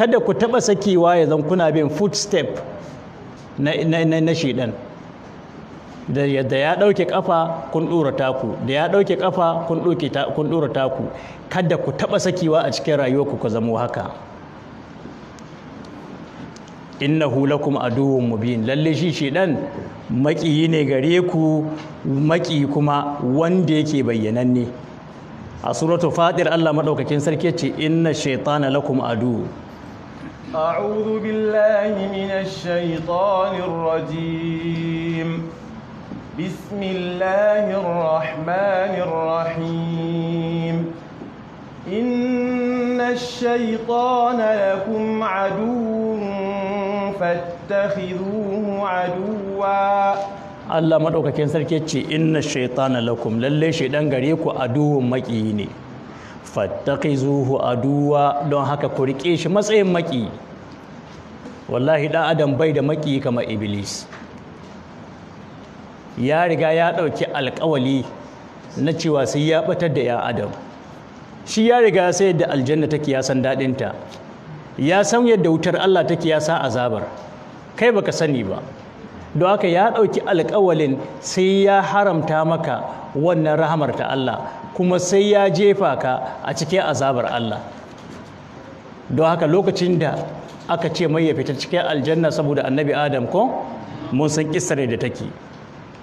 kada ku taɓa sakewa ya zan kuna bin footstep na, na, na, da ya ɗauke ƙafa kun ɗora taku da ya ɗauke ƙafa kun ɗora taku kada ku taɓa sakewa a cikin rayuwar ku zamo haka innahu lakum aduwwun mubin lalle shi shi ɗan maƙiyi ne gare ku maƙi kuma wanda yake bayyananne a suratu fatir Allah maɗaukakin sarki ce inna shaitana lakum adu أعوذ بالله من الشيطان الرجيم بسم الله الرحمن الرحيم إن الشيطان لكم عدو فاتخذوه عدوا Allah maɗaukakin sarki ce inna shaitana lakum lalle shaidan gare ku aduwun maƙiyi ne fattaqizuhu aduwa don haka ku rike shi matsayin maƙiyi wallahi ɗan adam bai da maki kamar iblis ya riga ya ɗauki alƙawali na cewa sai ya batar da ya adam shi ya riga sai yadda aljanna take ya san daɗinta ya san yadda wutar Allah take ya sa azabar kai baka sani ba don haka ya ɗauki alƙawalin sai ya haramta maka wannan rahamar ta Allah kuma sai ya jefa ka a cikin azabar Allah don haka lokacin da aka ce mai ya fita cikin aljanna saboda annabi adam ko mun san kissar da take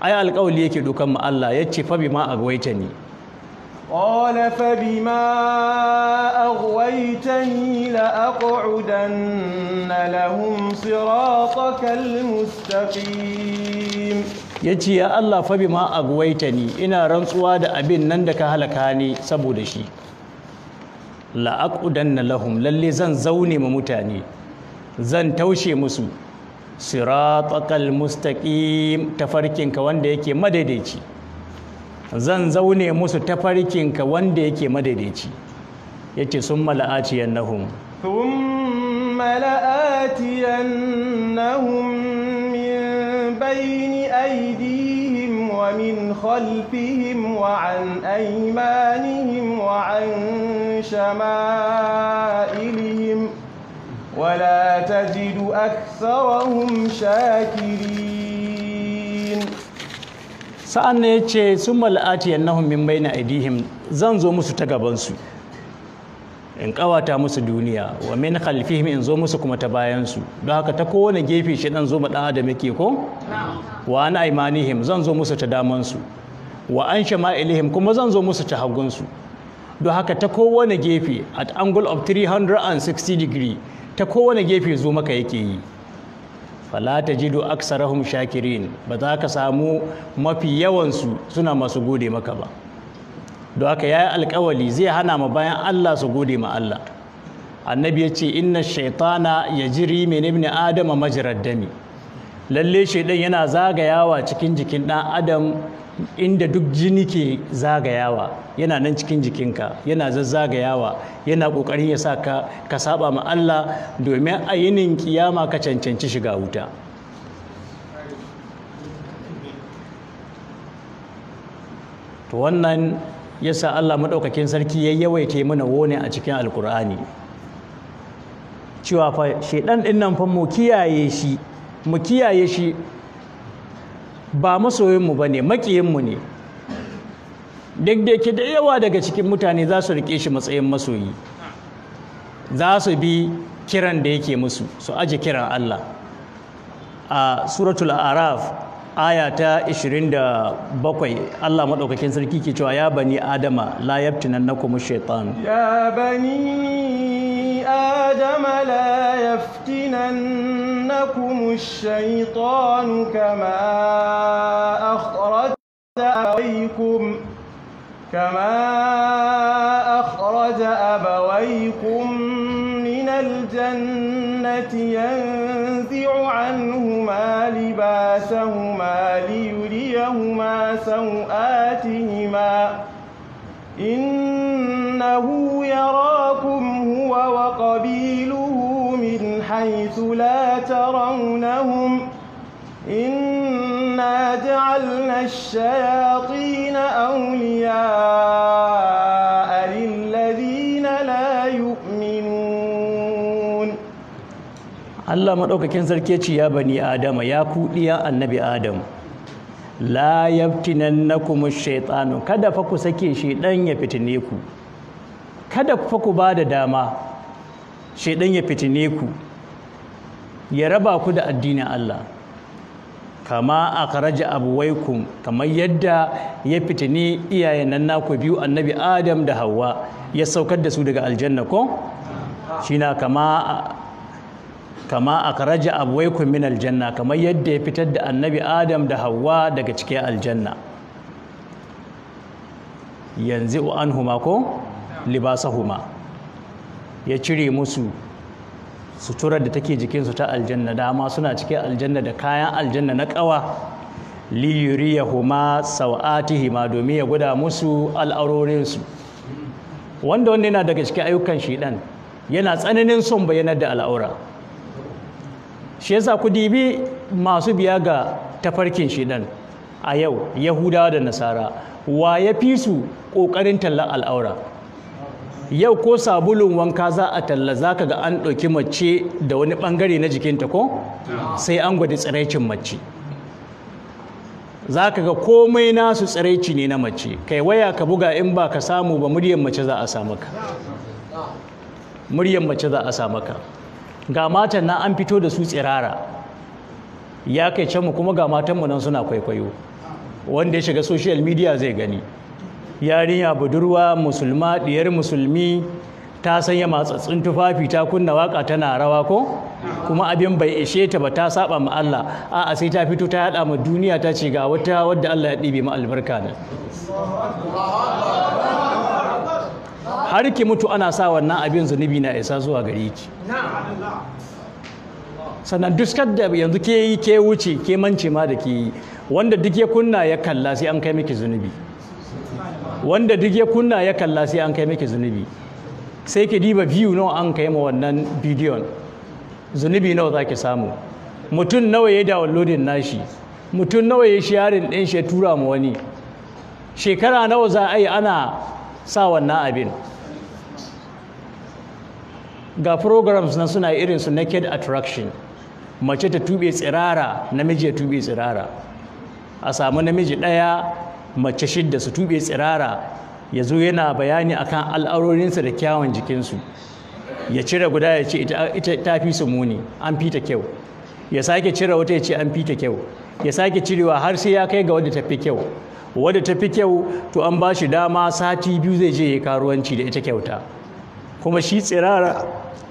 ai alƙawli yake dukan mu Allah ya ce fa bima agwaitani قال فبما أغويتني لأقعدن لهم صراطك المستقيم yace ya Allah fa bima agwaitani ina rantsuwa da abin nan da ka halaka ni saboda shi la aqudanna lahum lalle zan zaune ma mutane zan taushe musu siratakal mustaqim tafarkinka wanda yake madaidaici zan zaune musu tafarkinka wanda yake madaidaici yace sun mala'atiyan nahum sun la'atiyan nahu. min bayni aydihim wa min khalfihim wa an aymanihim wa an shama'il ولا تجد أكثرهم شاكرين sa'an ne ce sun mal'ati yannahun min bai na idihim zan zo musu ta gabansu in ƙawata musu duniya wa min khalfihim in zo musu kuma ta bayansu don haka ta kowane gefe shi dan zo ma dan adam yake ko wa an aimanihim zan zo musu ta damansu wa an shama'ilihim kuma zan zo musu ta hagunsu don haka ta kowane gefe at angle of 360 degree ta kowane gefe zo maka yake yi fala jido aksarahum shakirin ba za ka samu mafi yawansu suna masu gode maka ba don haka yi alkawali zai hana ma bayan Allah su gode ma Allah annabi ya ce inna shaitana ya jiri mai ibn adama majirar dami lalle shaidan yana zagayawa cikin jikin ɗan adam inda duk jini ke zagayawa yana nan cikin jikinka yana zazzagayawa yana ƙoƙarin ya sa ka ka saba ma Allah domin a yinin kiyama ka cancanci shiga wuta to wannan yasa Allah maɗaukakin sarki ya yawaita mana wone a cikin alkur'ani cewa fa shedan ɗin fa mu kiyaye shi mu kiyaye shi ba masoyinmu ba ne makiyinmu ne duk da ke da yawa daga cikin mutane za su riƙe shi matsayin masoyi za su bi kiran da yake musu su aji kiran Allah a suratul araf aya ta 27 Allah maɗaukakin sarki ke cewa ya bani adama la yaftinan na kuma shaitan ya bani adama la yaftinan لكم الشيطان كما أخرج أبويكم كما أخرج أبويكم من الجنة ينزع عنهما لباسهما ليريهما سوآتهما إنه يراكم هو وقبيله حيث لا ترونهم إنا جعلنا الشياطين أولياء للذين لا يؤمنون الله مدوكاكين سركيتي يا بني آدم يا كوديا النبي آدم لا yaftinannakum الشيطان shaytanu kada fa ku sake shedan ya fitine ku kada fa ku bada dama shedan ya fitine ku ya raba ku da addinin Allah kama a karaja abuwaikun. kamar yadda ya fitini iyayen nan naku biyu annabi adam da hawa ya saukar da su daga aljanna ko shi na kama kama a karaja min aljanna kamar yadda ya fitar da annabi adam da hawa daga cikin aljanna yanzu an huma ko Libasa huma. ya cire musu suturar da take jikinsu ta aljanna dama suna cikin aljanna da kayan aljanna na ƙawa liyuriyahuma hima domin ya guda musu al'aurorinsu wanda wanda yana daga cikin ayyukan shiɗan yana tsananin son bayanar da al'aura shi yasa ku dibi masu biya ga tafarkin shiɗan a yau yahudawa da nasara wa ya fi su ƙoƙarin tallar al'aura yau ko sabulun wanka za a talla za ka ga an ɗauki mace da wani ɓangare na jikinta ko sai an gwada tsiraicin mace za ka ga komai nasu tsiraici ne na mace kai waya ka buga in ba ka samu ba muryar mace za a samu ka mace za a samu ga matan na an fito da su tsirara ya kai can mu kuma ga matanmu mu nan suna kwaikwayo wanda ya shiga social media zai gani yarinya budurwa musulma ɗiyar musulmi ta sanya matsatsin tufafi ta kunna waka tana rawa ko kuma abin bai ishe ta ba ta saba ma Allah a'a sai ta fito ta yada ma duniya ta ce ga wata wadda Allah ya ɗibe ma albarka da har ki mutu ana sa wannan abin zunubi na isa zuwa gare ki sannan duk da yanzu ke yi ke wuce ke mance ma da ke yi wanda duk ya kunna ya kalla sai an kai miki zunubi wanda duk ya kunna ya kalla sai an kai maki zunubi sai ki diba view nawa an kai ma wannan bidiyon zunubi nawa za ki samu mutum nawa ya da wallodin nashi mutum nawa ya yarin ɗin shi tura ma wani shekara nawa za a yi ana sa wannan abin ga programs na suna irin su naked attraction mace ta tube tsirara namiji ya tube tsirara a samu namiji ɗaya mace shidda su tube tsirara ya zo yana bayani akan al'arorinsa da kyawun jikinsu ya cire guda ya ce ita ta fi su muni an fita kyau ya sake cire wata ya ce an fita kyau ya sake cirewa har sai ya kai ga wadda ta fi kyau wadda ta fi kyau to an ba shi dama sati biyu zai je ya karuwanci da ita kyauta kuma shi tsirara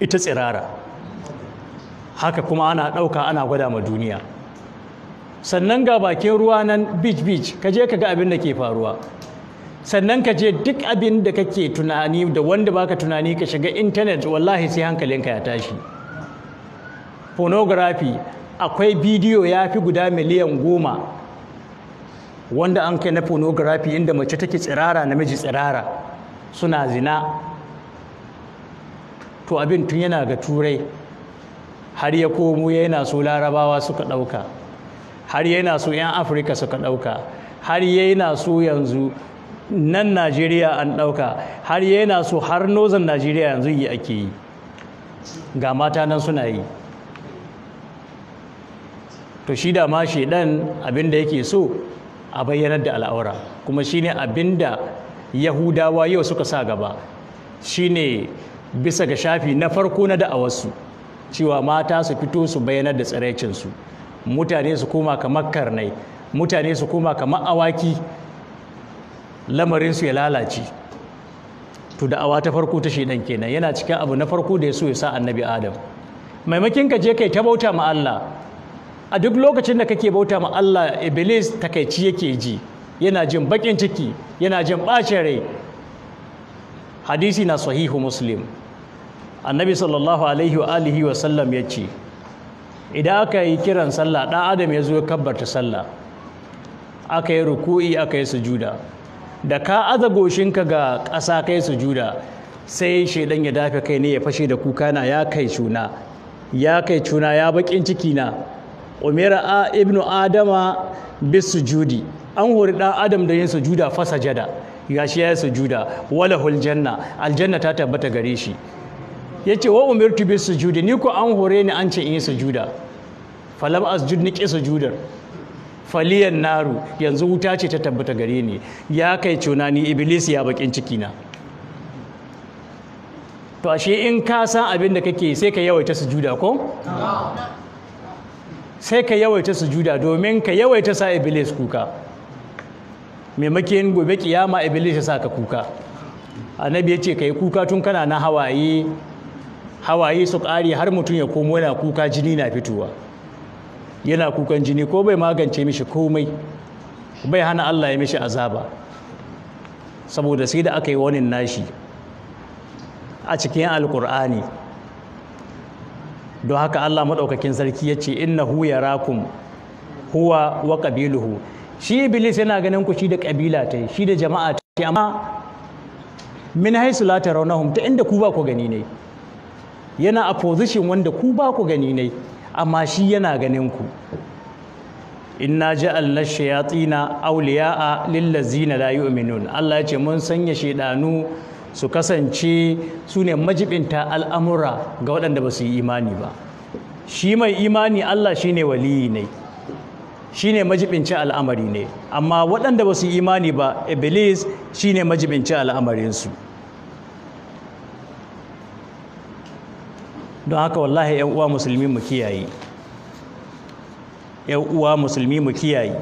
ita tsirara haka kuma ana ɗauka ana gwada ma duniya sannan ga bakin ruwa nan beach beach ka je ka ga abin da ke faruwa sannan ka je duk abin da kake tunani da wanda baka tunani ka shiga intanet wallahi sai hankalinka ya tashi pornography akwai bidiyo ya fi guda miliyan goma wanda an kai na pornography inda mace take tsirara namiji tsirara suna zina to abin tun yana ga turai har ya komo yana so larabawa suka ɗauka har yana so 'yan afirka suka ɗauka har yana so yanzu nan najeriya an ɗauka har yana so har nozan najeriya yanzu yi ake yi ga mata nan suna yi to shi da ma shaidan abinda yake so a bayyanar da al'aura kuma shine abinda yahudawa yau suka sa gaba shine bisa ga shafi na farko na da'awarsu cewa mata su fito su bayyanar da su mutane su koma kamar karnai mutane su koma kamar awaki lamarinsu ya lalace to da awa ta farko ta shedan kenan yana cikin abu na farko da ya so ya sa annabi adam maimakin ka je kai ta bauta ma Allah a duk lokacin da kake bauta ma Allah iblis takaici yake ji yana jin bakin ciki yana jin bacin rai hadisi na sahihu muslim annabi sallallahu alaihi wa alihi wa sallam ya ce idan aka yi kiran sallah ɗan adam ya zo ya kabbarta sallah aka yi ruku'i aka yi sujuda da ka aza goshinka ga ƙasa kai sujuda sai shaidan ya dafe kai ne ya fashe da kuka na ya kai cuna ya kai cuna ya bakin ciki na umira a ibnu adama bis sujudi an hori ɗan adam da yin sujuda fasa jada Ya shi ya yi sujuda wala janna aljanna ta tabbata gare shi ya ce wa umirtu su sujudi ni ko an hore ni an ce in yi sujuda falam asjud ni su sujudar faliyan naru yanzu wuta ce ta tabbata gare ni ya kai cuna ni iblis ya bakin ciki na to ashe in ka san abin da kake sai ka yawaita sujuda ko sai ka yawaita sujuda domin ka yawaita sa iblis kuka maimakon gobe kiyama iblis ya sa ka kuka annabi ya ce ka yi kuka tun kana na hawaye hawaye su ƙari har mutum ya komo yana kuka jini na fitowa yana kukan jini ko bai magance mishi komai bai hana Allah ya mishi azaba saboda sai da aka yi wani nashi a cikin alkur'ani don haka Allah maɗaukakin sarki ya ce ya rakun huwa wa ƙabiluhu shi iblis yana ganin ku shi da ƙabila ta shi da jama'a ta amma min haisu la tarawnahum ta inda ku ba ku gani ne yana a position wanda ku ba ku gani ne amma shi yana ganin ku inna ja'alna shayatina awliya'a lillazina la yu'minun Allah ya ce mun sanya shaidanu su kasance su ne majibinta al'amura ga waɗanda ba su yi imani ba shi mai imani Allah shi ne waliyi ne shi ne majibincin al'amari ne amma waɗanda ba su yi imani ba iblis shi ne majibincin al'amarinsu don haka wallahi 'yan uwa musulmi mu kiyaye 'yan uwa musulmi mu kiyaye